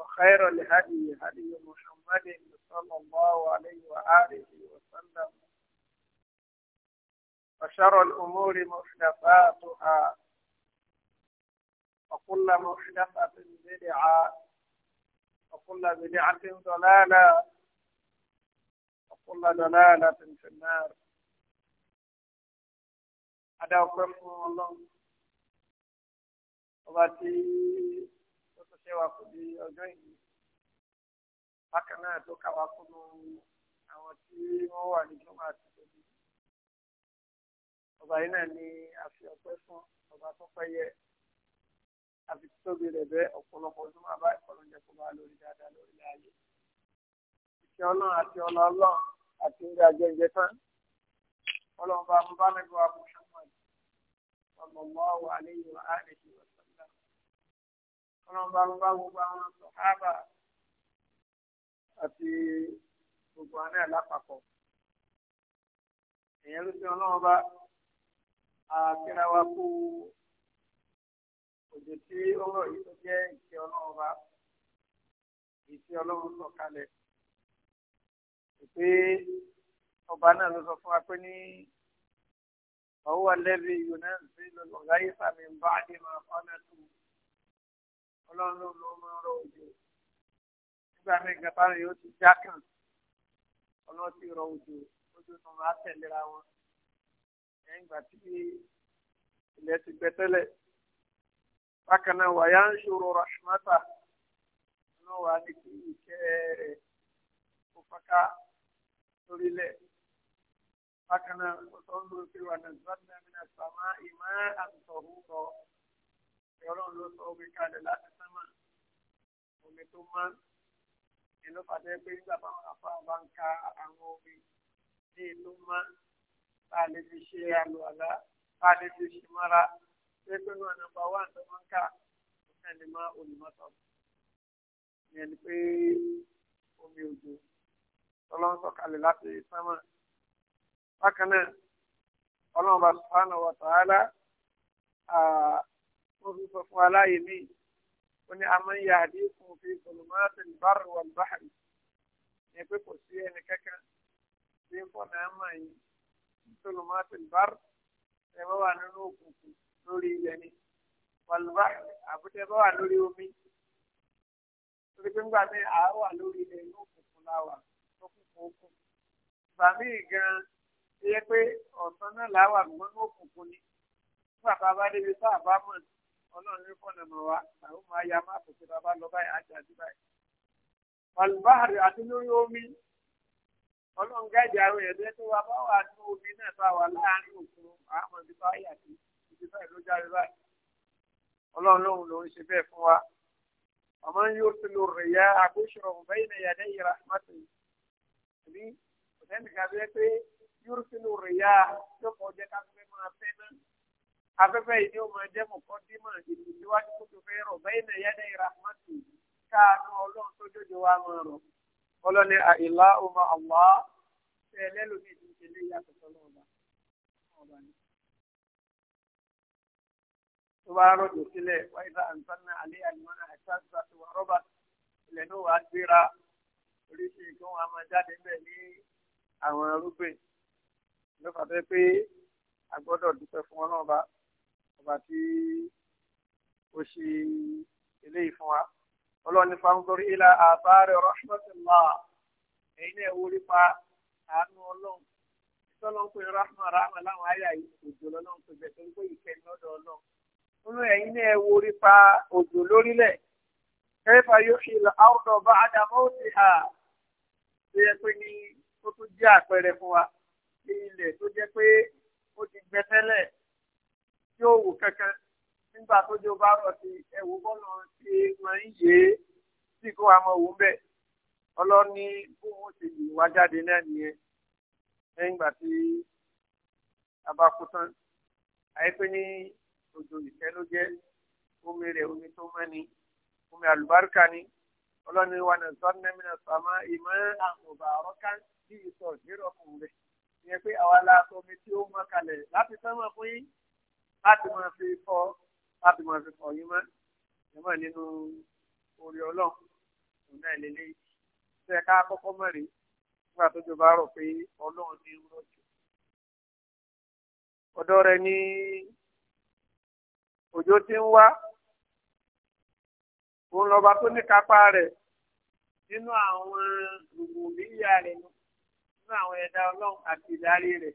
وخير الهدي هدي محمد صلى الله عليه وآله وسلم وشر الأمور محدثاتها وكل محدثة بدعة وكل بدعة ضلالة وكل ضلالة في النار أدعوكم الله وبتي iṣẹ́ wa kò di ọjọ́ yìí bákan náà tó káwa kúnnú àwọn tí wọ́n wà ní jọmọ àti ìdòdì ọba yìí náà ni a fi ọpẹ́ fún ọba tó pẹ́ yẹ àfi tóbi rẹ̀ bẹ́ ọ̀pọ̀lọpọ̀ ọdún máa bá ìkọlọ́njẹ kó bá lórí dáadáa lórí láàyè ìṣẹ́ ọlọ́run àti ọlọ́ ọlọ́run àti ilé ajẹ́jẹ́ tán ọlọ́run bá mú bá lẹ́gbẹ̀ẹ́ wa mú sọ́mọ́ọ̀dì mọ́ wà ní ìwà àdéhùn ọlọ́mọba ń bá gbogbo àwọn sọ̀hábà àti gbogbo àwọn náà lápapọ̀ èèyàn ló ti ọlọ́mọba àkíráwá kú òjò tí ọ̀rọ̀ yìí tó jẹ́ ìṣẹ́ ọlọ́mọba ìṣẹ́ ọlọ́run sọ kalẹ̀ pé ọba náà ló sọ fún wa pé ní ọwọ́ lẹ́bi yunẹ́sì lọ́gáyé sàmì ń bá àdé máa fọ́nà tó wù ọlọ́run ló máa ń rọ òjò nígbà míì gàpá rẹ̀ yóò ti já kàn ọlọ́run ti rọ òjò ojú tó máa tẹ̀léra wọn lẹ́yìn ìgbà tí ilẹ̀ ti gbẹ tẹ́lẹ̀ bákan náà wàyà ń ṣòro rashmata náà wà ní kí ìkẹ́ rẹ̀ kó faka lórílẹ̀ bákan náà wọ́n sọ ń lò sí wà nàìjíríà nàìjíríà sàmá ìmọ̀ àǹtọ̀húnrọ̀ ọlọ́run ló sọ omi kalẹ̀ láti sánmà omi tó mọ́ inú pàtẹ́ pé nígbà báwọn afá bá ń ka àwọn omi ní inú mọ́ tá a lè fi ṣe àlùwàlá tá a lè fi ṣe mọ́ra pé pé náà nàmbà wà tó máa ń kà ẹni mọ́ olùmọ́tọ́ ìyẹn ni pé omi òjò ọlọ́run sọ̀kalẹ̀ láti sánmà bákan náà ọlọ́run bá subhanahu wa ta'ala wọ́n fi sọ fún aláyè mí ó ní amáyé àdínkù fi sọlùmọ́tò ìbára wà báyìí ní pé kò sí ẹni kankan tí ń fọ́nà àmà yìí sọlùmọ́tò ìbára ẹ bá wà nínú òkùnkùn lórí ilẹ̀ ni wàlúbà àbúté bá wà lórí omi torí pé ńgbà míì àá wà lórí ilẹ̀ inú òkùnkùn la wà tó kùnkùn òkùn ìgbà míì gan-an yẹ pé ọ̀sán náà làwà gbọ́n ní òkùnkùn ni nígbà tá a bá débi tá a ní ọlọ́run ní fọ́nà mọ̀ wá àwọn máa ya máa pèsè bàbá lọ báyìí àti àti báyìí. balùbáàrì àti lórí omi ọlọ́run gáàdì àwọn ẹ̀dẹ́ tó wá bá wà ní omi náà bá wà láàrin òkun àwọn ibi báyìí àti ibi báyìí ló jáde báyìí. ọlọ́run lóhùn ló ń ṣe bẹ́ẹ̀ fún wa. ọmọ yóò fi lò rè ya àgbóṣọ̀rọ̀ bẹ́yìn ẹ̀yàdẹ́ yìí yóò fi lò rè afẹ́fẹ́ yìí ni ó máa jẹ́ mọ̀kọ́dímọ̀ ìtìsíwájú tó fẹ́ rọ̀ bẹ́ẹ̀ náà yẹ́dẹ̀ ìrahmatu káàánú ọlọ́run tó jòjò wa máa rọ̀ ọlọ́ni àìlá ọmọ àwọ̀ ṣe ẹlẹ́lòmíì ti ń ṣe lé yàtọ̀ sọ́lọ́ ọba ọba ni. tó bá rọ̀jò sílẹ̀ wáyé àǹfààní alẹ́ àlùmọ́nà àìsàǹsà tó wà rọ́bà ilẹ̀ náà wà á gbéra oríṣi nǹkan wa máa jáde ń ní àwọn arúgbìn ló fà ọba tí ó ṣe eléyìí fún wa ọlọ́ni fanzori ilà àbárẹ̀ rahmatullah èyí náà wúrí pa àánú ọlọ́run tọ́lọ́ ń pè rahma rahma láwọn àyà òjò lọ́lọ́ ń pè bẹ́ẹ̀ tó ń pè ìkẹ́ni lọ́dọ̀ ọlọ́run nínú ẹ̀yìn náà wúrí pa òjò lórílẹ̀ kẹfà yóò ṣe àwùjọ bá àdàmọ́ òsì hà tó yẹ pé ní ó tún jẹ́ àpẹẹrẹ fún wa ilẹ̀ tó jẹ́ pé ó ti gbẹ tẹ́lẹ̀ tí ó wò kankan nígbà tó jẹ́ bá rọ̀ sí ẹ̀wù bọ́ọ̀lù tí máa ń yé sí kó wa mọ̀ wò bẹ́ẹ̀ ọlọ́ni bóun ti yì wá jáde náà nìyẹn lẹ́yìn ìgbà tí a bá kú tán àyẹ́pẹ́ ní òjò ìfẹ́ ló jẹ́ omi rẹ̀ omi tó mọ́ ni omi àlùbáríkà ni ọlọ́ni wa náà sọ́nà mìíràn sàmá ìmọ̀ àmọ̀bà ọ̀rọ̀ká sí ìsọ̀ ìrọ̀kùn rẹ̀ ìyẹn pé àwa la sọ omi tí ó mọ́ kalẹ̀ láti sánmọ̀ fún yín láti máa fi fọ láti máa fi fọ yín mọ́ yín mọ́ nínú orí ọlọ́run òun náà lélẹ́yìí tó yẹ ká kọ́kọ́ mọ̀ rèé nígbà tó jọba rò pé ọlọ́run ní rọ̀jò ọ̀dọ́ rẹ ní òjò ti ń wá òun lọba tó ní kápá rẹ̀ nínú àwọn gbogbo ìyá rẹ̀ nínú àwọn ẹ̀dá ọlọ́run àti ìdarí rẹ̀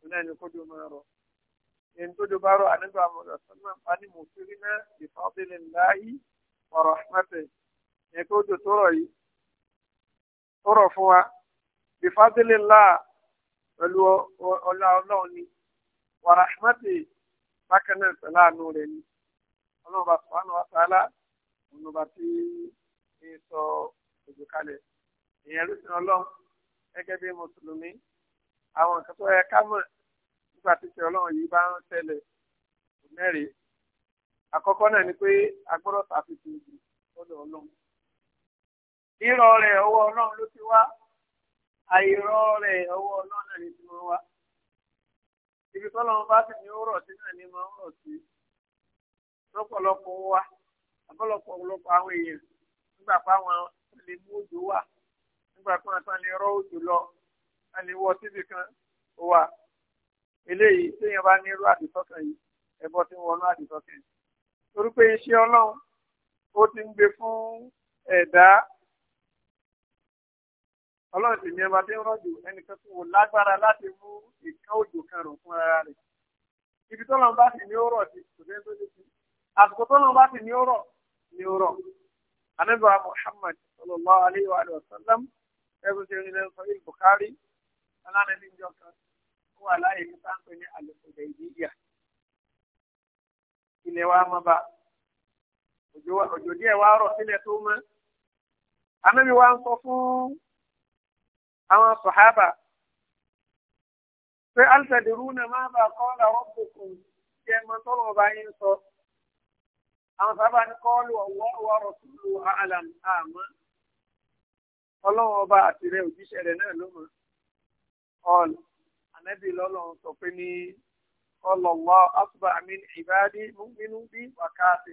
òun náà ní kó dùn máa rọ̀ ẹni tó jọba rọ àníbà mọ̀lá sọ́nà fani mùsùlùmí náà ìfọ́bìnrin láàyè ọ̀rọ̀ mẹ́tẹ̀ ẹni tó jọ tọrọ yìí tọrọ fún wa ìfọ́bìnrin láà pẹ̀lú ọlá ọlọ́run ni wàrà mẹ́tẹ̀ bákan náà pẹ̀lú àánú rẹ̀ ni ọlọ́run bá sọ àánú wa sàálà ọ̀nà bá ti ń sọ òjò kalẹ̀ ìyẹn ló sin ọlọ́run gẹ́gẹ́ bí mùsùlùmí àwọn nǹkan tó yẹ ká mọ̀ nígbà tí ọlọ́run yìí bá ń ṣẹlẹ̀ mẹ́rin àkọ́kọ́ náà ni pé agbọ́dọ̀ ṣàfihàn ìlú lọ́dọ̀ ọlọ́run rírọ̀ rẹ̀ ọwọ́ ọlọ́run ló ti wá àìrọ̀ rẹ̀ ọwọ́ ọlọ́run náà ni ti wá ibi bá sì ní ó rọ̀ sí náà ni máa ń rọ̀ sí lọ́pọ̀lọpọ̀ wá; àbọ̀lọpọ̀ ọ̀pọ̀lọpọ̀ àwọn èèyàn nígbà a wọ síbì kan wà eléyìí téèyàn bá ní irú àdìsọ́kàn yìí ẹbọ tí ń wọnú àdìsọ́kàn yìí torí pé iṣẹ́ ọlọ́run ó ti ń gbé fún ẹ̀dá ọlọ́run sì ní ẹba tí ń rọ̀jò ẹnìkan tó wò lágbára láti mú ìkan òjò kan rò fún ara rẹ̀ ibi tọ́lọ́run bá sì ní ó rọ̀ sí kò dẹ́n tó lè fi àsìkò tọ́lọ́run bá sì ní ó rọ̀ ní ó rọ̀ anábìá Muhammad sallallahu alayhi wa sallam ẹ̀rù ṣe ń lẹ́nu sọ ìlú Bukhari alánàbíjọ kan ó wà láàyè ní sáńpẹ́ ní àlùkòdè ìdíyà ilẹ̀ wa mọ́ bá òjò díẹ̀ wá rọ̀ sílẹ̀ tó mọ́ anábì wa ń sọ fún àwọn sọ̀hábà pé alìsàdìrú náà máa bá kọ́ọ̀lù àwọn bùkún tí ọba yín sọ àwọn sábà ní kọ́ọ̀lù ọ̀wọ́ ọ̀wọ́ rọ̀ àlàm àmọ́ ọlọ́run ọba àtìrẹ òjíṣẹ́ rẹ̀ náà ló mọ̀ ọ̀lù ànábì lọ́lọ́run sọ pé ní ọlọ́lọ́ asùbà àmín ìbáàdí nínú bí wákàtí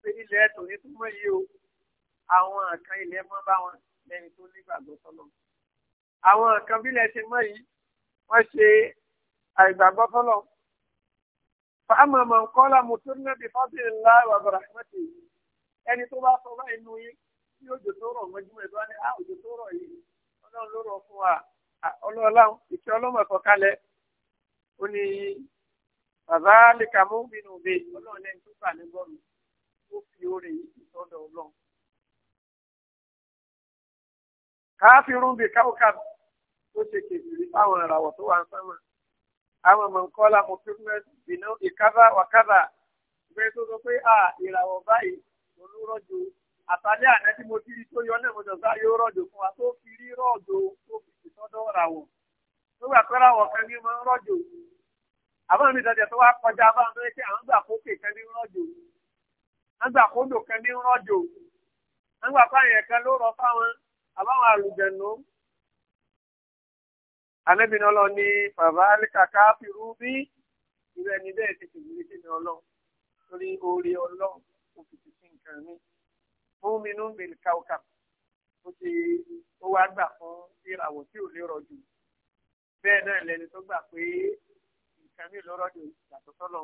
pé ilẹ̀ ẹ̀tọ́ ní túmọ̀ yìí o àwọn nǹkan ilẹ̀ mọ́ bá wọn lẹ́yìn tó nígbàgbọ́ sọ́lọ́ àwọn nǹkan bílẹ̀ ṣe mọ́ yìí wọ́n ṣe àìgbàgbọ́ sọ́lọ́ fàámà mà ń kọ́lá mùtúrínà bí fábíyìn ńlá wà bàrà mẹ́tì yìí ẹni tó bá sọ báyìí nù yín tí òjò tó rọ̀ mọ́júmọ́ ìdúrà ní ah, ọlọ́ọ̀lá ìfẹ́ ọlọ́mọ ẹ̀kọ́ kalẹ̀ ó ní bàbá lẹ́ka mú bínú bẹ ọlọ́run lẹ́ni tó gbà lẹ́gbọ́rùn ó fi oore yìí sọ́dọ̀ ọlọ́run. káfíńrún bíi káwọ́kàbí ó ṣe kèbìrì fáwọn ìràwọ̀ tó wà ń sánmọ̀ àwọn ọmọ nǹkan ọlá mo fi rúmẹ́ bìnú ìkábà wàkábà ìgbé tó sọ pé à ìràwọ̀ báyìí olúrọ̀jò àtàlẹ́ àná tí mo ti rí tó yọ náà mo jọ sọ́dọ̀ ràwọ̀ nígbà pé ràwọ̀ kan ní máa ń rọ̀jò àbọ̀n mi dọ̀jẹ̀ tó wá kọjá bá ń lọ pé àwọn gbà kókè kan ní rọ̀jò àwọn gbà kódò kan ní rọ̀jò àwọn gbà fáyẹn kan ló rọ fáwọn àbáwọn àlùjẹ̀nù anabi náà lọ ní bàbá alikaka firu bí irú ẹni bẹ́ẹ̀ ti tìlú ní kíni ọlọ́run torí oore ọlọ́run kò sí nǹkan mi fún mi nú bèlì káwọ́kàwọ́ ó ṣe ó wá gbà fún ìràwọ̀ tí ò lè rọ̀jò bẹ́ẹ̀ náà lẹni tó gbà pé nǹkan mi ò lè rọ̀jò yàtọ̀ sọ́lọ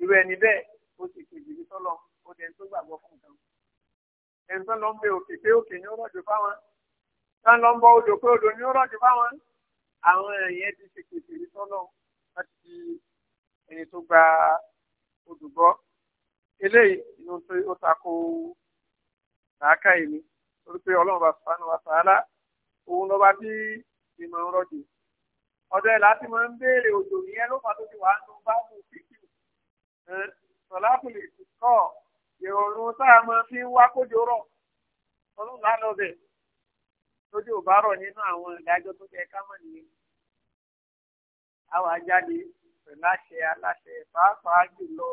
irú ẹni bẹ́ẹ̀ ó ṣe kejì ní sọ́lọ ó dẹni tó gbàgbọ́ fún nǹkan ẹni tó lọ ń bẹ òkè pé òkè ni ó rọ̀jò fáwọn tó ń lọ ń bọ odò pé odò ni ó rọ̀jò fáwọn àwọn èèyàn ti ṣe kejì ní sọ́lọ láti ẹni tó gba odò gbọ́ eléyìí inú tó ó takò làákàyè mi torí pé ọlọ́run bá sanu àtàlà òun lọ́ba tí ìmọ̀ ń rọ̀jò ọ̀dọ̀ ẹ̀ láti máa ń béèrè òjò nìyẹn ló fà tó ti wàá nu bá mú fíkìú sọláfìlì kọ́ ìrọ̀rùn tá a máa fi ń wá kójó rọ̀ ọlọ́run lálọ́ bẹ̀ lójú ò bá rọ̀ nínú àwọn ìdájọ́ tó jẹ ká mọ̀ nìyẹn àwọn ajáde pẹ̀lú àṣẹ aláṣẹ pàápàá jùlọ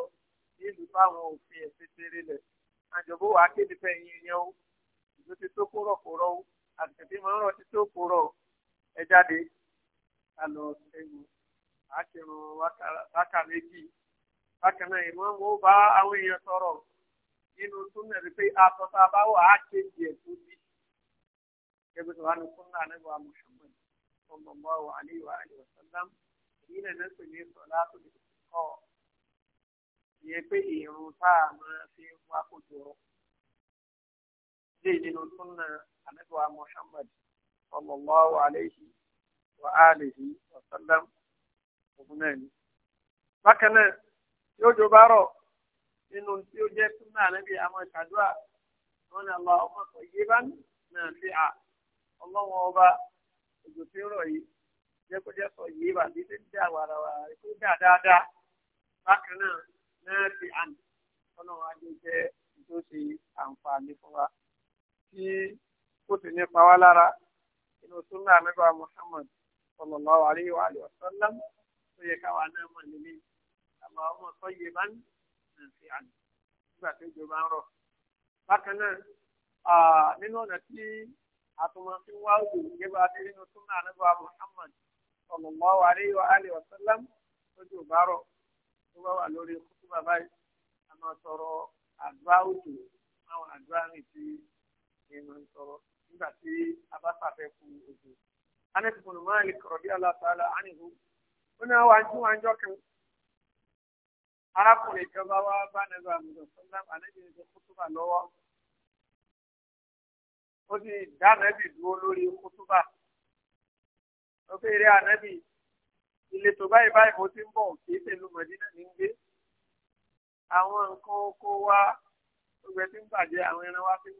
nílùú fáwọn òfin ẹ̀sìn tẹ́rẹ̀ lẹ̀ àjọ̀bọ̀ wàá kéde fẹ́ yín yẹn o ló ti tó kó rọ̀ kó rọ̀ o àtìkè tí máa ń rọ̀ ti tó kó rọ̀ o ẹ jáde ká lọ ẹ̀wù àkìrùn wákà méjì bákan náà ìmọ̀ mo bá àwọn èèyàn sọ̀rọ̀ nínú túnmẹ̀ rí pé àtọ̀tà bá wà á kéjì ẹ̀ tó bí ẹgbẹ́ tó wà ní kúnlá nígbà Muhammad sallallahu alaihi wa alihi wasallam èyí náà ní sọ̀lá tó lè kọ́ ìyẹn pé ìrùn tá a máa fi wá kó jọ ọkọ̀ lè nínú súnà ànábìwá Muhammad sallallahu alayhi wa alihi wa sallam òun náà ni. bákan náà yóò jọ bá rọ̀ nínú tí ó jẹ́ súnà ànábì àmọ́ ìṣàdúrà wọn ni àlọ́ ọmọ kan yé bá náà fi à ọlọ́wọ́n ọba òjò tí ń rọ̀ yìí jẹ́ kó jẹ́ sọ yìí wà ní ilé dá warawara kó dà dáadáa bákan náà náà fi àná ọlọ́run ajé jẹ́ tó ṣe àǹfààní fún wa tí ó sì ní pa wá lára inú súnmọ́ àmẹ́bà Muhammad sallallahu alaihi wa alihi wa sallam tó yẹ káwa náà mọ̀ nílé àmọ́ ọmọ tó yẹ bá ń fi àná nígbà tó jọba ń rọ̀. bákan náà nínú ọ̀nà tí àtúmọ̀sí wá òjò gẹ́gbà tí nínú súnmọ́ àmẹ́bà Muhammad sallallahu alaihi wa alihi wa sallam tó jọba rọ̀ tó bá wà lórí kúkú bàbá yìí àmọ́ sọ̀rọ̀ àdúrà òjò àwọn àdúrà rìn ni mo ń tọrọ nígbà tí a bá sàfẹ́ fún ojú. anẹ́tì fún mi lè kọ̀rọ̀ bí a ánìhù ó ní àwọn àjọ àjọ kan arákùnrin kan bá wá bá nẹ́gbà àmúdọ̀ sọ́lá ànẹ́bí ní kótóbà lọ́wọ́ ó sì dá ànẹ́bí dúró lórí kótóbà ó fi rí ànẹ́bí ìletò báyìí báyìí mo ti ń bọ̀ kì í tẹ̀lú mọ̀dínà ní gbé àwọn nǹkan oko wa gbogbo ẹ ti ń bàjẹ́ àwọn ẹran wa ti ń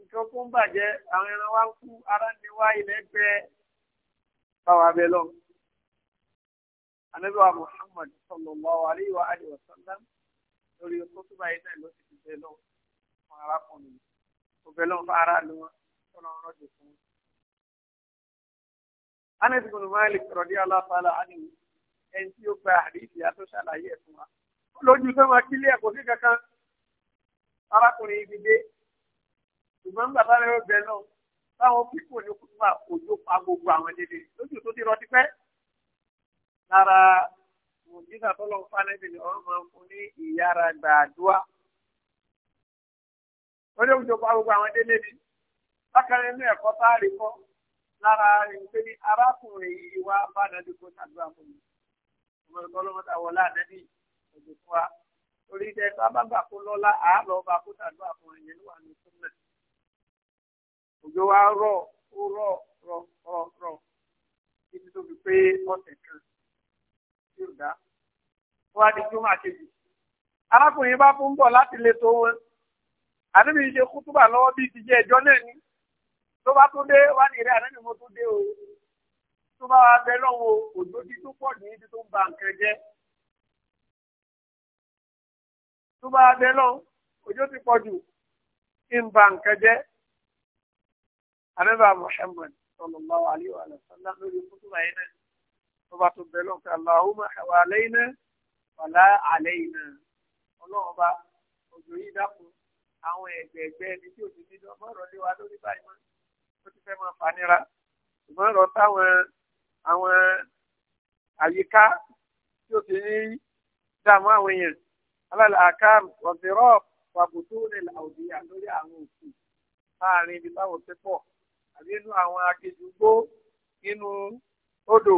nǹkan kó ń bàjẹ́ àwọn ẹran wa ń kú ara ni wá ilẹ̀ gbẹ báwa bẹ lọ. Ànábì wa Muhammad sallallahu alaihi wa alihi wa sallam lórí ọkọ tó báyìí náà ló ti fi bẹ lọ fún arákùnrin kò bẹ lọ fún ara ló wọn kó lọ rọjò fún un. Anas bin Malik radiyallahu ta'ala anhu ẹni tí ó gba àdìsí àtó ṣàlàyé ẹ̀ fún wa. Lójú sọ́mọ kílé ẹ̀kọ́ sí kankan arákùnrin ibi dé ṣùgbọ́n bàbá rẹ̀ ó bẹ̀ náà báwọn pípò ní kúrúmà òjò pa gbogbo àwọn dédé lójú tó ti rọtí pẹ́ lára mùjísà tó lọ́n fa níbi ni ọ̀run máa ń fún ní ìyára gbàdúrà ó lé òjò pa gbogbo àwọn dédé ni bákan nínú ẹ̀kọ́ sáárì kọ́ lára ìpè ní arákùnrin yìí wá bá nàbí kó ṣàdúrà fún mi ọmọ ìkọ́ ló mọ́ta wọlé ànábì òjò wa torí ìdẹ́gbẹ́ bá gbà kó lọ́la àálọ́ bá kó ṣàdúrà fún òjò wa rọ̀ ó rọ̀ rọ̀ rọ̀ rọ̀ títí tó fi pé ọ̀sẹ̀ kan tí ò dá wọ́n á di júmọ̀ àkejì arákùnrin bá fún bọ̀ láti lè tó wọn àdébí ṣe kútúbà lọ́wọ́ bíi ti jẹ́ ẹjọ́ náà ni tó bá tó dé wá nìrẹ́ àdébí mo tó dé o tó bá wa bẹ lọ́wọ́ òjòjì tó pọ̀ ní ibi tó ń ba nǹkan jẹ́ tó bá wa bẹ lọ́wọ́ òjò ti pọ̀ jù ń ba nǹkan jẹ́ anábà Muhammad sallallahu alayhi wa sallam lórí kútùbà yìí náà tó bá tó bẹ̀rẹ̀ lọ́kàn Allahumma hawalaina wala alaina ọlọ́run bá òjò yìí dákun àwọn ẹ̀gbẹ̀ẹ̀gbẹ́ ẹni tí òjò nílò ọmọọ̀rọ̀ lé wa lórí báyìí mọ́ ó ti fẹ́ máa fanira ṣùgbọ́n ọ̀rọ̀ táwọn àwọn àyíká tí ó ti ní dààmú àwọn èèyàn alálẹ̀ àkàm ọ̀dẹ̀rọ̀ wàbùtú nílà òdìyà lórí àwọn òkú láàrin ibi táwọn ti pọ̀ àbí inú àwọn akejìgbó inú odò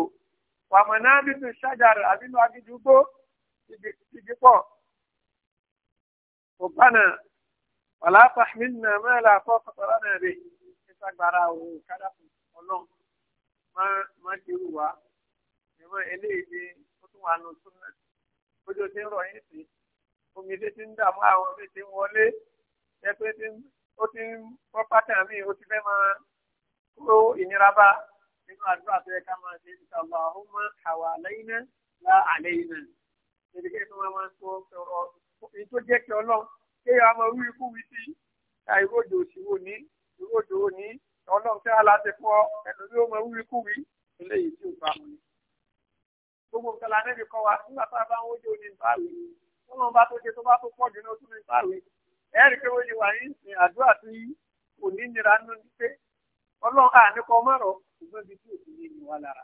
wàmọ̀nà nínú ṣájàrà àbí inú akejìgbó igi pọ̀ òbánà wàlápà mínà mẹ́lá fọ́ kọ́tọ́rọ́ náà rè nípa gbàrà òun kádà ọlọ́run má kéwù wá ìmọ̀ eléyìí ni ó tún wà nù súnà ojú ti ń rọ̀ yín sí omi tí ti ń dààmú àwọn omi ti ń wọlé ẹ pé ó ti ń pọ́ pátá mi ó ti fẹ́ máa kúrò ìnira bá nínú àdúrà tó yẹ ká máa ṣe ní sàlọ àhómọ àwà àlẹyìnà lá àlẹyìnà ìdíkẹ́ tó máa tó sọ̀rọ̀ èyí tó jẹ́ kí ọlọ́run kéèyàn á máa wí ikú wí sí ìròdò òṣìwò ní ìròdò òní ọlọ́run kí á láti fọ ẹ̀lú yóò máa wí ikú wí eléyìí tí ò bá mu ni. gbogbo nǹkan lànà ìbí kọ́ wa nígbà tá a bá ń wọ́jọ́ oní ìbáwí ọlọ́run bá tó ṣe tó bá tó pọ̀ jù ní oṣù ìbáwí ẹ̀rí pé ó ṣe wà ní àdúrà tí kò ní nira nínú ní pé ọlọ́run à nípa ọmọ rọ ṣùgbọ́n ibi tí òsì ní ìwà lára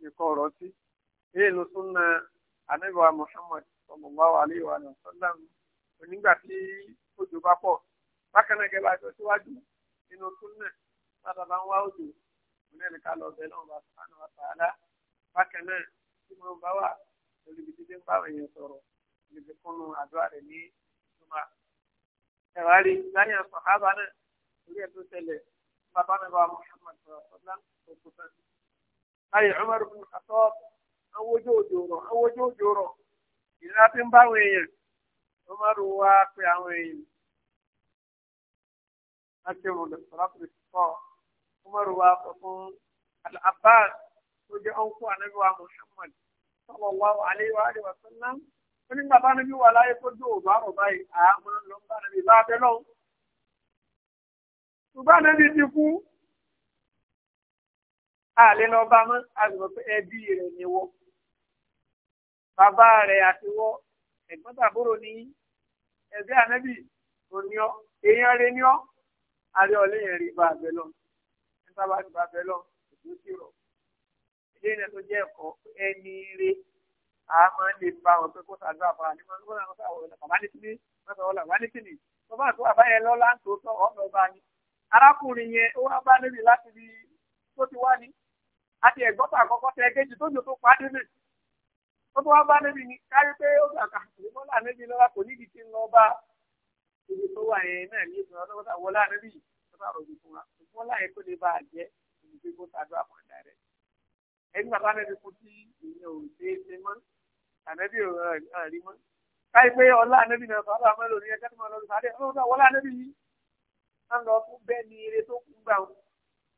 nìkan ọ̀rọ̀ sí èyí ló tún na anábìwá Muhammad sallallahu alaihi wa sallam onígbà tí òjò bá pọ̀ bákan náà kẹfà jọ síwájú nínú tún náà sábà bá ń wá òjò òun ẹni ká lọ bẹ náà bá sàánù àtàlá bákan náà tí mo bá wà olùbí dídé ń bá àwọn èèyàn sọ̀rọ̀ olùbí kúnnú àdúrà rẹ̀ ní ìtumà ẹ̀wá rí láyé àpò àbá náà orí ẹ̀ tó ṣẹlẹ̀ bàbá mi wà Muhammad sọlá òkúta ayé Umar bin Khattab àwọn ojú òjò rọ àwọn ojú òjò rọ ìlera tí ń bá àwọn èèyàn Umar wá pé àwọn èèyàn láti rùn lọ sọlá tó ti pọ Umar wá sọ fún Al-Abbas tó jẹ ọkọ anabi wa Muhammad sallallahu alaihi wa alihi wa sallam ó ní bàbá mi wà láyé tó dùn òbá rọ báyìí àmọ́ lọ́nà bá mi bá bẹ́ lọ́wọ́ ṣùgbọ́n ànábì ti kú àlè lọ bá mọ́ àgbọ̀ pé ẹbí rẹ̀ ni wọ́ bàbá rẹ̀ àti wọ́ ẹ̀gbọ́n tàbúrò ní ẹ̀bí ànábì òní ọ́ èèyàn rẹ̀ ní ọ́ àrẹ ọ̀lẹ́yìn rí bá abẹ lọ nípa bá ti bá abẹ lọ ètò ti rọ̀ ilé iná tó jẹ́ ẹ̀kọ́ ẹni rè á máa ń lè bá wọn pé kó sàdúrà fún wa ní wọn kó sàdúrà fún wa bàbá ní kíni wọn sọ wọn làbá ní kíni bàbá àti bàbá yẹn lọ́la ń sọ ọ́ arákùnrin yẹn ó wá bá níbi láti rí tó ti wá ní àti ẹ̀gbọ́ta àkọ́kọ́ tẹ ẹgẹ́jì tó jò tó pa dé náà ó tó wá bá níbi ní kárí pé ó gbà kàkiri mọ́lá níbi lọ́wọ́ kò nídìí tí ń lọ bá ibi tó wà yẹn náà ní ìgbìmọ̀ ọlọ́wọ́ta wọlé àníbì ìjọba àròjù fún wa ṣùgbọ́n láyé tó lè bá a jẹ́ ìdíje kó sàdó àpàdà rẹ̀ ẹni bàbá níbi kú tí ìyẹn ò ṣe ṣe mọ́ àníbì ò rí mọ́ káyí pé ọlá àníbì náà sọ ń lọ fún bẹ́ẹ̀ ni eré tó kú gbà wọn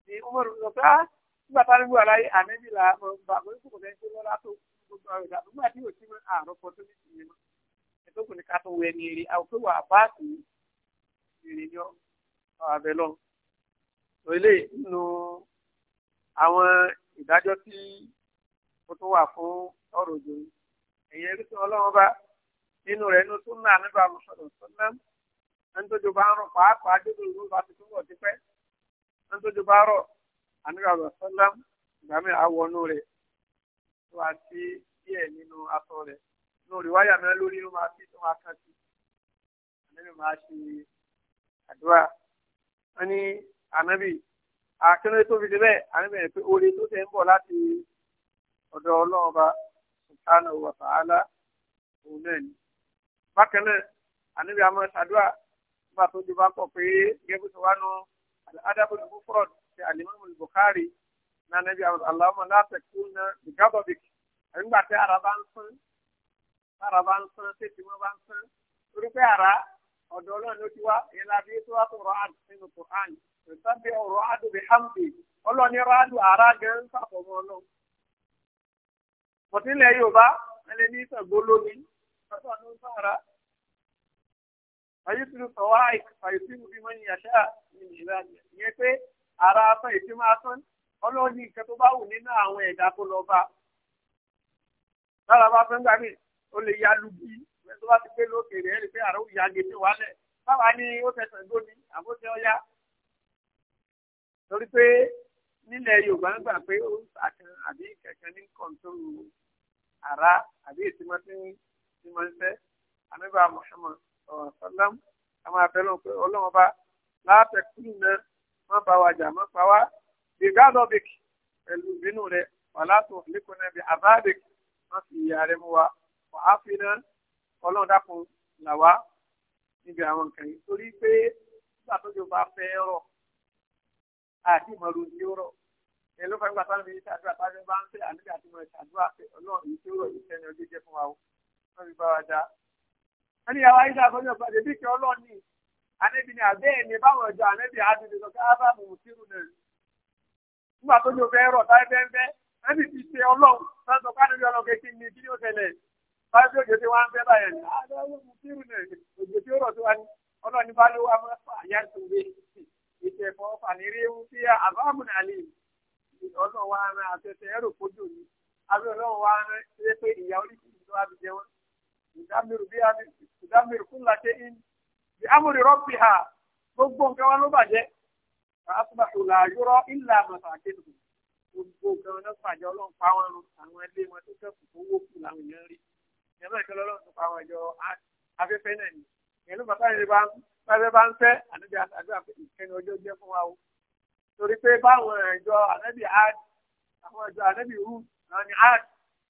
ni umaru sọ pé ah nígbà tá a ní wàhálà yìí ànẹ́bí là bá wọn kò fẹ́ tó lọ́la tó gbogbo àwọn ìdá nígbà tí òsì mọ àrùn kan tó ní ti yẹn mọ ètò kò ní ká tó wẹ ní eré àwọn pé wà bá sí eré ní ọ àbẹ lọ ilé nínú àwọn ìdájọ́ tí ó tún wà fún ọ̀rọ̀ òjò ẹ̀yẹ rí ẹni tó jọba ń rọ pàápàá dídò ìlú bá ti túbọ̀ ti pẹ́ ẹni tó jọba rọ àníkàbọ̀ sọ́lá ìgbà mi àwọnú rẹ̀ tó a ti díẹ̀ nínú aṣọ rẹ̀ inú rẹ̀ wáyà mi lórí inú máa fi tó máa kàn sí ànábì máa ṣe àdúrà wọn ní ànábì àkínú tó fi débẹ̀ ànábì yẹn pé oore tó tẹ̀ ń bọ̀ láti ọ̀dọ̀ ọlọ́run ọba subhanahu wa ta'ala òun náà ni bákan náà ànábì àmọ́ ṣàdúrà nígbà tó di bá pọ̀ pé gẹ́gẹ́ tó wá nu adábò ní fúfúrọ̀ ti alimami Bukhari náà níbi aláwọ̀ láti kú náà ní gabovic nígbà tí ara bá ń sán ara bá ń sán tètè wọn bá ń sán torí pé ara ọ̀dọ̀ ọlọ́run ló ti wá ìyẹn la bí tó wá tó rọ́ọ̀d nínú Quran ìsọ́bí ọ̀rọ̀ àdùn bí hàmdì ọlọ́ọ̀ni rádùn ara gan ń sàfọ̀mọ́ ọlọ́run. bọ̀tílẹ̀ Yorùbá ẹni ní ìsàgbó lónìí ọ̀sán ló ń sọ fàyísìlú sọ̀wá fàyísìlú bí wọ́n yàṣà ní ìlànà ìyẹn pé ara afẹ́ ìtí máa tán ọlọ́run ní nǹkan tó bá wù nínú àwọn ẹ̀dá tó lọ bá lára bá fẹ́ ń gbà mí ó lè ya lu bí tó bá ti gbé lókè rẹ̀ ẹ̀rí pé àrò ìyá gèdè wálẹ̀ báwa ni ó fẹsẹ̀ gbóni àbótẹ́ ọ̀yá torí pé nílẹ̀ Yorùbá ń gbà pé ó àkàn àbí kẹ̀kẹ́ ní kọ̀ǹtóró ara àbí ètí máa ń fẹ́ àmẹ́bà Muhammad ọ̀rọ̀ sọ́lám àwọn àfẹ́lọ́n pé ọlọ́run bá látẹ̀kùn náà má bá wa jà má pa wá bìgádọ́bìk pẹ̀lú ìbínú rẹ̀ wà látò lẹ́kùn náà bí abáàbìk má fi ìyá rẹ̀ mú wa wà á fi náà ọlọ́run dákun là wá níbi àwọn nǹkan yìí torí pé nígbà tó jọba fẹ́ rọ̀ àti ìmọ̀lù ní ó rọ̀ ẹ ló fẹ́ gbà sáré mi ṣàdúrà sáré bá ń fẹ́ àníbi àti ìmọ̀ ìṣàdúrà ọlọ́run ìṣòro ìṣẹ́ni ọjọ́ jẹ́ fún wa ó wọ́n fi bá wa dáa wọ́n ní ìyàwó ayé sàkóso ìpàdé bí kí ọlọ́ọ̀ni ànẹ́bí ni àbẹ́ẹ̀ ni báwọn ọjọ́ ànẹ́bí àdìdì sọ káfá mọ̀mọ́ sírù náà nígbà tó ní o fẹ́ rọ̀ táyé fẹ́ńfẹ́ ẹni ti ṣe ọlọ́run náà sọ káàdì ní ọlọ́run kékeré ní kí ni ó tẹ̀lé báyìí tí òjò tí wọ́n ń fẹ́ báyẹn ní àdáwọ̀ mọ̀mọ́ sírù náà òjò tí ó rọ̀ tó wá ní ọlọ́ọ̀ni bá ló wá mọ́ àyà ìtòwé ìṣẹ̀fọ́ ìdámẹ́rù bí ìdámẹ́rù fún làṣẹ in bí amúrí rọ́bì ha gbogbo nǹkan wọn ló bàjẹ́ àtúbà ìlà yúrọ ìlà àmọ̀tà àkéde gbogbo nǹkan wọn lọ́sùn àjọ ọlọ́run pa wọn run àwọn ilé wọn tó kẹ́kù tó wó kù làwọn èèyàn rí ìyẹn ìkẹ́ lọ́lọ́run tó pa wọn jọ afẹ́fẹ́ náà ni ìyẹn ló bàtà ìrẹ́ bá ń fẹ́ àdébí àdúrà ìkẹ́ni ọjọ́ jẹ́ fún wa o torí pé báwọn ìjọ ànábì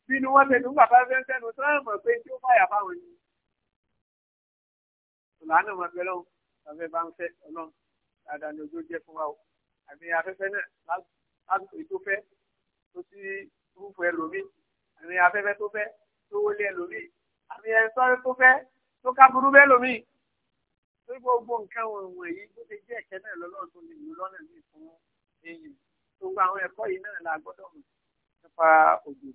bí ni wọ́n tẹnu bàbá fẹ́ tẹnu tó ẹ̀ mọ̀ pé tí ó fàyà fáwọn ni. ìlànà ọmọ ẹgbẹ́ lọ́wọ́ afẹ́ bá ń fẹ́ ọlọ́run dáadáa ni ojú jẹ́ fún wa o àmì afẹ́fẹ́ náà lásìkò tó fẹ́ tó sí rúfù ẹlòmíì àmì afẹ́fẹ́ tó fẹ́ tó wọlé ẹlòmíì àmì ẹ̀sọ́ tó fẹ́ tó kábúrú bẹ́ẹ̀ lòmíì tó gbogbo nǹkan wọ̀nyí tó ti jẹ́ ẹ̀kẹ́ náà lọ́lọ́run tó lè lò lọ́nà míì fún èyí gbogbo àwọn ẹ̀kọ́ yìí náà la gbọ́dọ̀ mọ̀ nípa ògùn.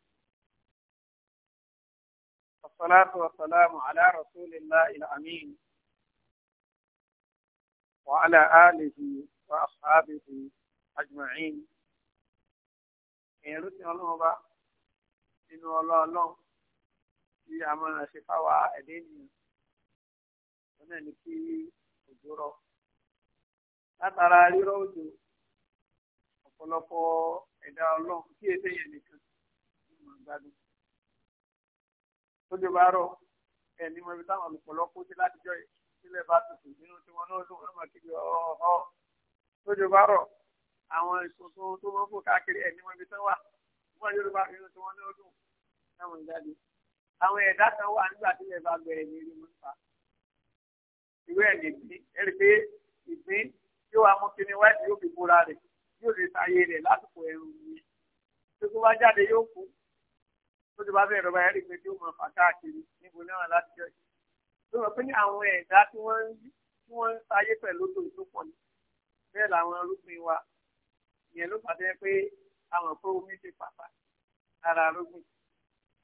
والصلاة والسلام على رسول الله الأمين وعلى آله وأصحابه أجمعين إن الله با إن الله الله في أمان الشفاء وأدين أنا نكي أجوره لا ترى òjò ọ̀pọ̀lọpọ̀ ẹ̀dá ọlọ́run kí èdè yẹn nìkan ní ìmọ̀ ìgbádùn tó lè bá rọ ẹ ní mo ibi táwọn olùpọ̀lọ́ kó sí látijọ́ yìí sílẹ̀ bá tutù nínú tiwọn náà lóun náà kiri ọ̀ọ́ tó lè bá rọ àwọn ìṣòṣò tó wọ́n fò káàkiri ẹ ní mo ibi tán wà wọ́n yóò bá nínú tiwọn náà lóun táwọn ìjáde àwọn ẹ̀dá kan wà nígbà tí ilẹ̀ bá bẹ̀rẹ̀ ní ilé mọ́ta ìwé ẹ̀ lè gbé ẹ̀rí pé ìgbín yóò wá mú kíni wáìtì yóò fi bóra rẹ̀ yóò lè sáyé rẹ̀ lásìkò ẹ̀rù yìí tó bá jáde yóò kú tó ti bá bẹ̀rẹ̀ lọ́ba ẹ̀rí pé tí ó máa fà káàkiri níbo náà láti jọ yìí. tó rọ pé ní àwọn ẹ̀dá tí wọ́n ń sáyé pẹ̀lú tó ìsopọ̀ ni bẹ́ẹ̀ làwọn arúgbìn wa ìyẹn ló fà jẹ́ pé àwọn pé omi ti pàpà lára arúgbìn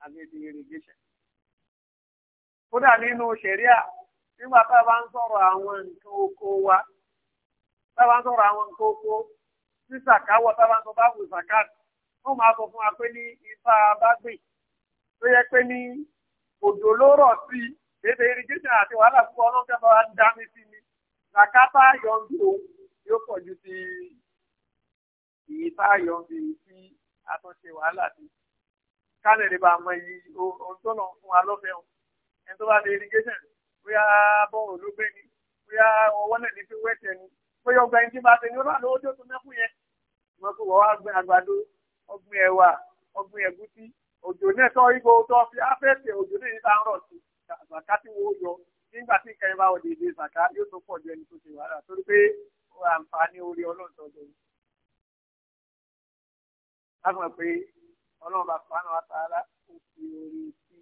àti èdè irrigation. kódà nínú ṣẹ̀ríà nígbà tá a bá ń sọ̀rọ̀ àwọn nǹkan oko wa tá a bá ń sọ̀rọ̀ àwọn nǹkan oko sísàkáwọ̀ tá a bá ń sọ bá wù sàkáàtì wọ́n máa sọ fún wa pé ní ifá bá tó yẹ pé ní òjò ló rọ̀ sí ètò irrigation àti wàhálà fún ọlọ́run kẹfà wa ń dá mi sí ni làkàtà yọ̀ǹdì òun yóò pọ̀ ju ti èyí tá a yọ̀ǹdì sí àtúnṣe wàhálà sí kálẹ̀ lè bá mọ iyì ohun tó náà fún wa lọ́fẹ̀ẹ́ o ẹni tó bá lè irrigation bóyá bọ́ olóògbé ni bóyá ọwọ́ ní fi wẹ́tẹ̀ ni bóyá ọgbà ẹni tí bá ṣe ni ó lówó tó tún mẹ́kù yẹn ìmọ̀ pé wọ́n wá gbin àgbàdo ọgbìn ẹ̀wà ọgbìn ẹ̀gúsí òjò náà tó ibo tó fi afẹ́fẹ́ òjò náà yìí bá ń rọ̀ sí zàká tí wọ́n yọ nígbà tí kẹrin bá wọ dèdè zàká yóò tó pọ̀ ju ẹni tó ṣe wàhálà torí pé àǹfààní orí ọlọ́run tó lọ yìí. a mọ̀ pé ọlọ́run bá fanu àtàrà ó fi orí sí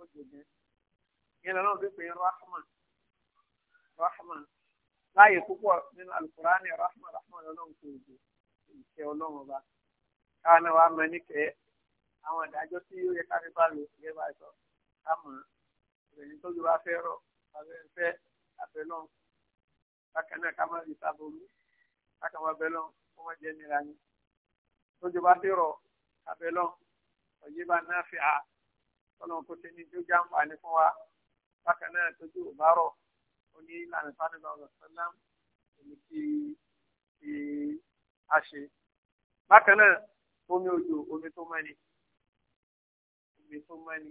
òjò yẹn. ìyẹn lọ́nà tó pe rahma rahma láàyè púpọ̀ nínú alukurani rahma rahma lọ́nà tó ìjẹ́ ọlọ́run ọba káwọn náà wàá mọ níkẹ́ẹ́ àwọn ìdájọ́ tí ó yẹ ká fi bá lò yẹ bá sọ ká mọ̀ ìròyìn tó yóò wá fẹ́ rọ̀ afẹ́fẹ́ àfẹ́lọ́ bákan náà ká má rí sábòrú bákan wá bẹ́ lọ́n kó má jẹ́ nira ni tó yóò wá fẹ́ rọ̀ àfẹ́lọ́ ọ̀yẹ́ bá náà fi hà tọ́lọ́ kó ṣe ní tó já ń fani fún wa bákan náà tó yóò bá rọ̀ ó ìlànà sanibà ọ̀rọ̀ sọ́lá èmi kì í a ṣe bákan náà omi òjò omi tó mẹ́ni omi tó mọ́ ni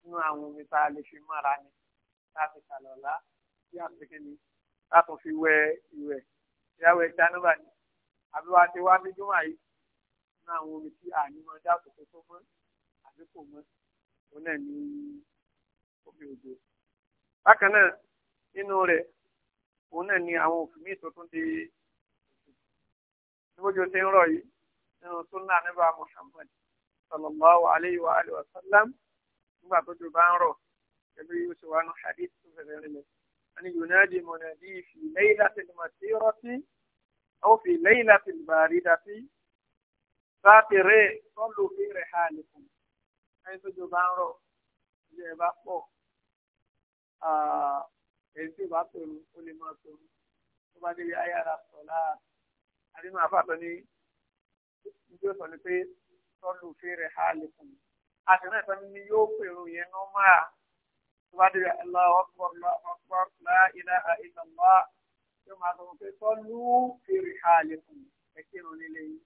nínú àwọn omi tá a lè fi mọ́ra ni láti ṣàlọ́lá bí àpèké ni láti fi wẹ ìwẹ̀ ìyáwó ẹja nígbà ni àbí wàá ti wá ní jùmọ̀ yìí nínú àwọn omi tí àní máa dá àkókò tó mọ́ àbí kò mọ́ òun náà ní omi òjò. bákan náà nínú rẹ̀ òun náà ni àwọn òfin míì tó tún di bójú ti ń rọ̀ yìí nínú súnà nígbà Muhammad sallallahu alayhi wa alihi wa sallam nígbà tó jù bá ń rọ̀ ẹbí yóò ṣe wà ní hadith tó fẹ̀rẹ̀ rẹ̀ ani yunadi munadi fi laylatil masirati aw fi laylatil baridati sátìrè sallu fi rihalikum ẹni tó jù bá ń rọ̀ ilé ẹ bá pọ̀ èyí tí ìbá tòru ó lè máa tòru tó bá débi ayára sọ̀lá àdínú àfàtọ́ ní ìjọ sọ ni pé sọ́lù fi rẹ̀ há lẹ́kùn àtẹ̀lẹ́ ìfẹ́ mi yóò pèrò yẹn ní ọmọ à tó bá dé Allahu akbar Allahu akbar la ilaha illallah yóò máa sọ pé sọ́lù fi rẹ̀ há lẹ́kùn ẹ kírun nílé yìí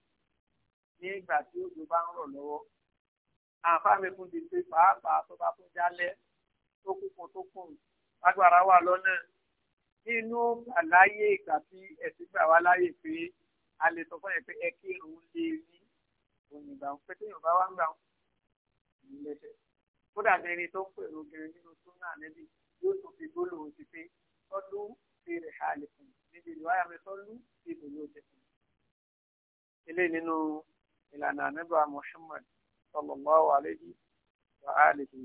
ní ìgbà tí òjò bá ń rọ̀ lọ́wọ́ àǹfààní fún ti pé pàápàá tó bá fún jálẹ̀ tó kúkú tó kù agbára wà lọ́nà nínú àláyé ìgbà tí ẹ̀sìn gbà wá láyè pé a lè sọ fún yẹn pé ẹ kírun lé ní òun ìgbà wọn pé téèyàn bá wá ń gbà wọn ní iléeṣẹ́ kódà gẹrin tó ń pè ló gẹrin nínú súnà níbi yóò tún fi gbólóhùn ti pé tọ́lú fi rẹ̀ ha lè fún mi níbi ìlú ayàmẹ tọ́lú fi ìlú yóò jẹ fún mi. ilé nínú ìlànà ànábà Muhammad sallallahu alayhi wa alihi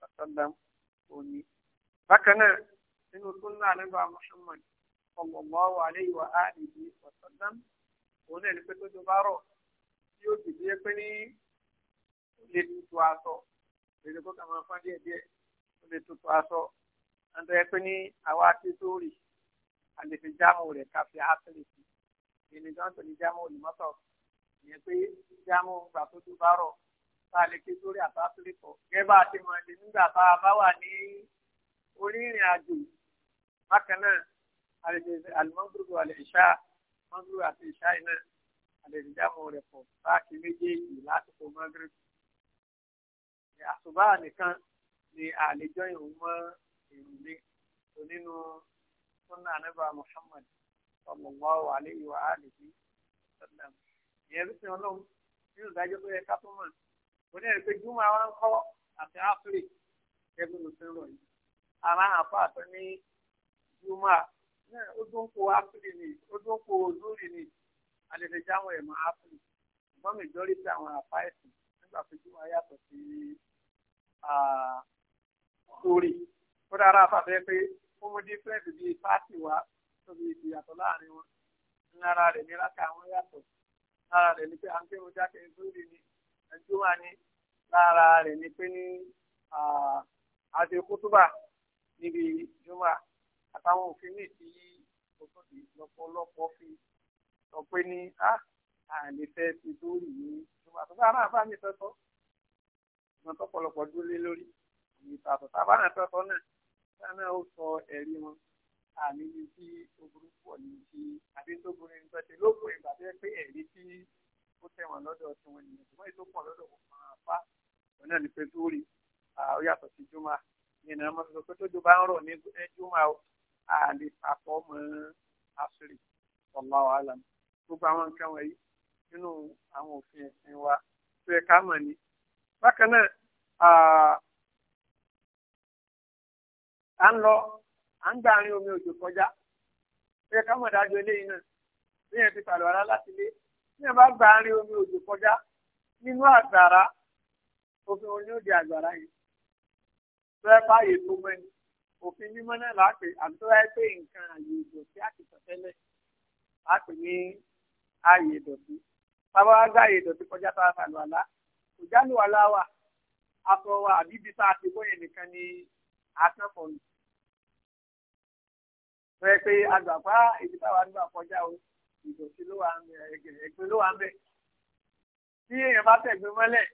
wa sallam òní. bákan náà nínú súnà ànábà Muhammad sallallahu alayhi wa alihi wa sallam òun náà ní pé tó jọba rọ̀ tí ó dìbò yẹ pé ní ó lè tutù aṣọ èrè kó kà máa fọ́n díẹ̀ díẹ̀ ó lè tutù aṣọ àǹtọ́ yẹ pé ní àwa ti tó rì àlèfi jáàmù rẹ̀ káfí àtẹ̀lẹ̀ sí ìní gan tó ní jáàmù olùmọ́tọ̀ ìyẹn pé jáàmù gbà tó tó bá rọ̀ tá a lè ké sórí àtàtúrì pọ̀ gẹ́gẹ́ bá nígbà tá a bá wà ní orí ìrìn àjò bákan náà àlùmọ́gbùrù àlè ìṣá mọ́gbùrù àti ìṣá yìí náà àlèrídàmú rẹ̀ pọ̀ báàkì méjèèjì lásìkò magreth àsùbá nìkan ni àlejò ìhùn mọ́ ìrùlé onínú sunna anábà Muhammad sallallahu alaihi wa alihi sallam ìyẹn bí sin ọlọ́run nínú ìdájọ́ tó yẹ ká tó mọ̀ òní ẹ̀rí pé júmọ̀ àwọn ń kọ́ àti áfírí ẹgbẹ́ mi ti ń rọ̀ yìí ara àpá àtọ́ ní júmọ̀ ó dún kó áfírí ni ó dún kó lórí ni a lè fi jáwọ́ ẹ̀ máa fún un ṣùgbọ́n mìjọ́rí sí àwọn àfáìsì nígbà tó jí wọn yàtọ̀ sí sórí ó dára fàfẹ́ pé ó mú dífẹ́ǹsì bíi pátì wá tóbi ìyàtọ̀ láàrin wọn lára rẹ̀ ní láka àwọn yàtọ̀ lára rẹ̀ ní pé à ń kéwọn jáde sórí ni ẹjú wa ni lára rẹ̀ ní pé ní àti kútúbà níbi jùmọ̀ àtàwọn òfin ní ìtìyí òtún lọ́pọ̀lọpọ̀ fi sọ pé ní ah, a àlè fẹ́ ti lórí ní ìjọba àtúntà náà bá mi tọ́tọ́ ìmọ̀ tó pọ̀lọpọ̀ dúró lé lórí ìmọ̀ ìta àtọ̀tà bá náà tọ́tọ́ náà sáná ó sọ ẹ̀rí wọn àmì ní tí obìnrin pọ̀ ní ti àbí tó burú ní tọ́tẹ́ lópin ìgbà tó yẹ pé ẹ̀rí tí ó tẹ̀wọ̀n lọ́dọ̀ tí wọ́n nìyẹn ṣùgbọ́n ètò pọ̀ lọ́dọ̀ kò fún apá wọn náà ní pé lórí ó yàtọ̀ sí jùmọ̀ nínú ọmọ tuntun pé tójú bá ń rọ̀ ní jùmọ̀ àlè àpọ̀ mọ́ àṣírí ọ̀la wàhálà mi gbogbo àwọn nǹkan wọ̀nyí nínú àwọn òfin ẹ̀sìn wa tó yẹ ká mọ̀ ni. bákan náà à ń lọ à ń gbà àárín omi òjò kọjá tó yẹ ká mọ̀ dájú eléyìí náà bí yẹn ti pàlọ́ ara láti lé bí yẹn bá gbà àárín omi òjò kọjá nínú àgbàrá òfin òní òde àgbàrá yìí tó yẹ fààyè tó mẹ́ni òfin mímọ́ náà láàpè àti tó yẹ pé nǹkan àyè ìgbò tí a ti tẹ́lẹ̀ láàpè ní ààyè ìdọ̀tí bàbá wa gbá ààyè ìdọ̀tí kọjá tá a fà lọ́la kò já lù wá láwà aṣọ wa àbí ibi tá a ti bóyè nìkan ni àtàkùn nù. rẹ pé àgbàpá ibi táwa gbà kọjá o ìdọ̀tí ló wà ń bẹ ẹgbẹ́ ló wà ń bẹ. tí èèyàn bá tẹ̀gbẹ́ mọ́lẹ̀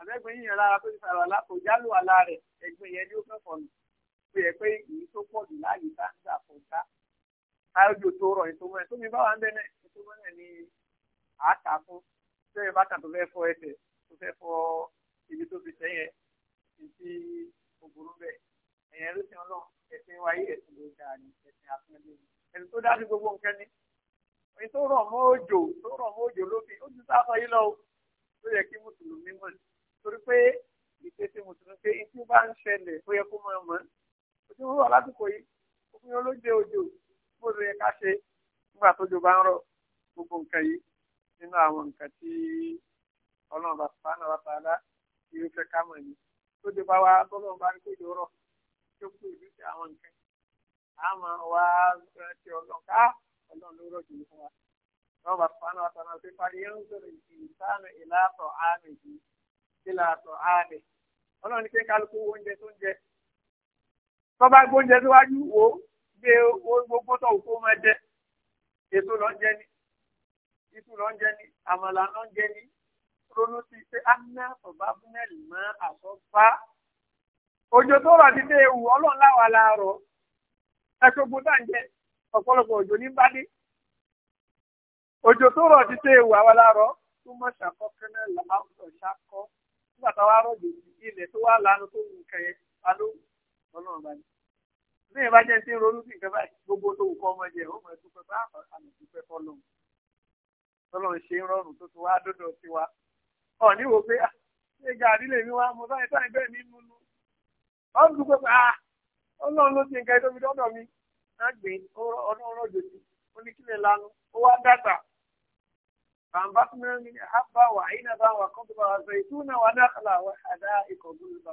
àbẹ́gbẹ́ yìnyín lára pé ìfàlọ́lá kò já lù wá lára rẹ̀ ẹgbẹ́ yẹn ni ó fẹ́ fọ̀nù tó rọ̀ ètò mọ́ ẹ̀ tó bá wà ń bẹ tó mọ́lẹ̀ ní àáta fún tó yẹ bàtà tó fẹ́ fọ ẹsẹ̀ tó fẹ́ fọ ibi tó fi sẹ́yẹ ìdí òbúrú bẹ́ẹ̀ ẹ̀yẹn ló ti ọlọ́ ẹ̀sìn wáyé ẹ̀sìn ló dáa ní ẹ̀sìn àfúnẹ́lẹ́ ẹ̀sìn tó dájú gbogbo nǹkan ni èyí tó rọ̀ mọ́ òjò tó rọ̀ mọ́ òjò ló fi ó ti sáfọ yìí lọ tó yẹ kí mùsùlùmí mọ̀ torí pé ìpèsè mùsùlùmí pé ikú bá ń ṣẹlẹ̀ ó yẹ kó mọ̀ mọ́ ojú wúwà lásìkò yìí gbogbo nǹkan yìí nínú àwọn nǹkan tí ọlọ́run bá fún àwọn bàbá irúfẹ́ kámọ̀ ni tó dé bá wa bọ́lọ́run bá rí pé yọrọ̀ tí ó kú ìlú sí àwọn nǹkan àmọ́ wa rántí ọlọ́run ká ọlọ́run ló rọ̀ jù fún wa lọ́wọ́ bá fún àwọn bàbá pé parí yẹn ń sọ̀rọ̀ ìsánú ìlàtọ̀ àmì yìí ìlàtọ̀ àmì ọlọ́run ní pé kálukú oúnjẹ tó ń jẹ tó bá gbóúnjẹ síwájú wo gbé gbogbo tó kó máa jẹ ètò lọ́njẹ ni ìtú ló ń jẹ ní àmàlà ló ń jẹ ní ronú sí pé anna ọ̀bábúnẹ̀ mọ́ àsọ̀fá òjò tó rà títí ewu ọlọ́run láwa láàárọ̀ ẹ̀kọ́ gbọ́dọ̀ ń jẹ ọ̀pọ̀lọpọ̀ òjò ní bádé òjò tó rọ̀ títí ewu àwa láàárọ̀ tó mọ̀ ṣàkọ́kẹ́ náà làbá ọ̀sọ̀ ṣàkọ́ nígbà táwa rọ̀jò ilẹ̀ tó wà lánà tó wù kẹyẹ aló ọlọ́run bá ní. bí ìbájẹ́ ti ń ronú sí nǹkan báyìí gbogbo tó wù kọ́ ọmọ jẹ ó mọ̀ ẹ́ dúpẹ́ bá àmọ̀ dúpẹ́ fọ́lọ́run tọ́lọ́run ṣe ń rọrùn tó ti wá dọ́dọ̀ sí wa ọ̀ níwò pé ah, ṣé gàrí lèmi wá mo báyìí táyì bẹ́ẹ̀ ní nínú ọ̀ ń dúpẹ́ pé ah ọlọ́run ló ti nǹkan ẹ̀tọ́ mi dọ́dọ̀ mi náà gbé ọlọ́run rọ̀jò sí ó ní kílẹ̀ lanu ó wá dàgbà bàbá tó náà ní àbá wà àyínà bá wà kọ́ bá wà sọ ètò náà wà dákàlà wà àdá ikọ̀ gbólúbà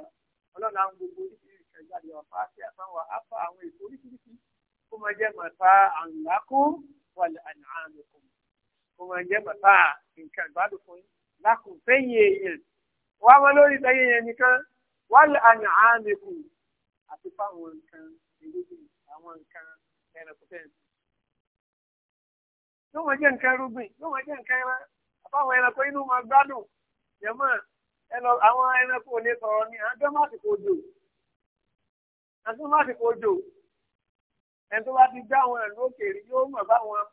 ọlọ́run àwọn gbogbo oríṣiríṣi ìṣẹ̀jáde kó máa jẹ́ bàtà nǹkan ìgbádùn fún yín lákùn sẹ́yìn èèyàn wàá mọ lórí sẹ́yìn èèyàn nìkan wàá lè àyàn àmìkù àti fáwọn nǹkan ìrúgbìn àwọn nǹkan ẹranko tẹ́ǹtì. yóò máa jẹ́ nǹkan rúgbìn yóò máa jẹ́ nǹkan ẹran àfáwọn ẹranko inú máa gbádùn jẹ̀mọ́ àwọn ẹranko ò lè sọ̀rọ̀ ní àjọ má ti kò jò àjọ má ti kò jò ẹni tó bá ti gbá àwọn ẹ̀rọ òkèèrè yóò mọ̀ báwọn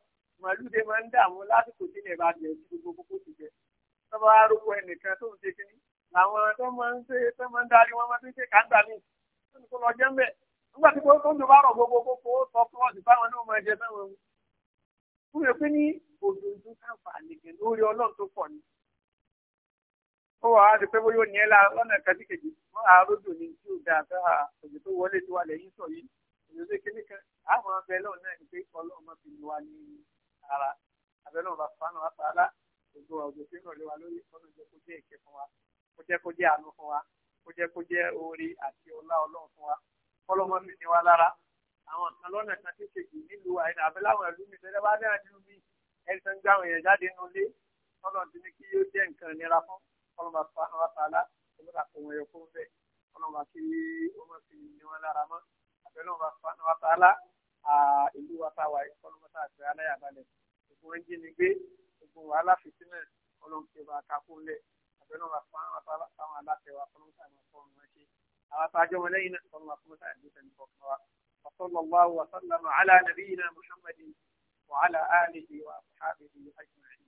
màálù dé máa ń dààmú lásìkò tí ilẹ̀ bá jẹ́ sí gbogbo kókó ti jẹ tọ́ba arókò ẹnìkan tó ń ṣe kínní làwọn tó máa ń ṣe tó máa ń darí wọn máa ń ṣe kàńtà míì tó ń kó lọ jẹ́ ń bẹ̀ nígbà tí kò tó ń bá rọ̀ gbogbo kókó sọ fún ọ̀sìn fáwọn náà máa jẹ fáwọn ohun. fún mi pé ní òdòdó káfààní kẹ lórí ọlọ́run tó pọ̀ ni. ó wà á di pé bóyá ó ní ẹ la lọ́nà kàtí kejì mọ́ àárọ̀dọ̀ ni tí ó da àtà òjò tó wọlé tó wà lẹ́yìn sọ yìí òjò tó kéde kan àwọn abẹ́ lọ́ọ̀ náà ní pé ọlọ́run máa fi wá ní ara abẹ́lẹ́ ọba fanu àtàlà gbogbo ọ̀gbìn tí ń rọ̀lẹ́ wa lórí ọ̀nà jẹ́ kó jẹ́ ìkẹ́ fún wa kó jẹ́ kó jẹ́ àánú fún wa kó jẹ́ kó jẹ́ oore àti ọlá ọlọ́run fún wa kọ́lọ́mọ́ mi ní wa lára àwọn kan lọ́nà kan tí kejì nílùú àyìnà àbẹ́ láwọn ìlú mi tẹ́lẹ̀ bá dáhà nínú mi ẹni tó ń gbá àwọn èèyàn jáde nínú ilé ọlọ́run ti ní kí yóò jẹ́ nǹkan ìnira fún kọ́lọ́mọ́ fanu àtàlà ọlọ́run àpò wọn yọ fún bẹ́ẹ̀ kọ́lọ́mọ́ kí wọ́n fi ní wọn lára mọ́ àbẹ́ náà ìlú wa tá a wà yìí kọ́lọ́mọ́tà àti aláyàbalẹ̀ gbogbo ń jí ni gbé gbogbo wàhálà fìtínẹ̀ ọlọ́nkẹ́bà kakúnlẹ̀ àbẹ̀nú wa fún àwọn aláṣẹ wa kọ́lọ́mọ́tà àwọn fọ́ọ̀mù wọn ṣe àwọn àtàjọ wọn lẹ́yìn náà kọ́lọ́mọ́ kọ́lọ́mọ́tà àdìsẹ́ ní kọ̀ọ̀kan wa وصلى الله وسلم على نبينا محمد وعلى آله وأصحابه أجمعين